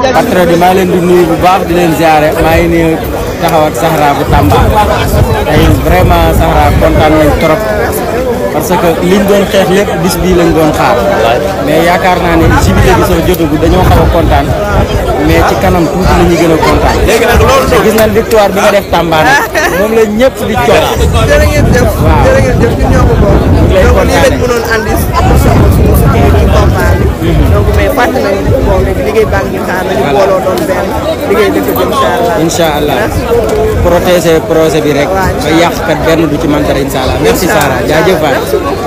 patriote maa leen di nuyu bu baax di leen ziare maa ngi ni taxaw ak Sahara bu Tamba tey vraiment Sahara kontaan nañ trop parce que liñ doon xeex lépp bis bii lañ doon xaar mais yaakaar naa ne si biir dañoo a kontaan mais ci kanam tuuti la ñuy gën a kontaan. léegi nag loolu te gis nañ victoire bi nga def Tamba moom la ñëpp di coow. waaw jërë lay kontaanee bon léegi liggéey baa ngi ñu xaar nañu booloo doon benn liggéey dëkk bi incha allah. incha allah protéger projet bi rek. waaw ba yàqkat benn du ci mën dara incha allah. merci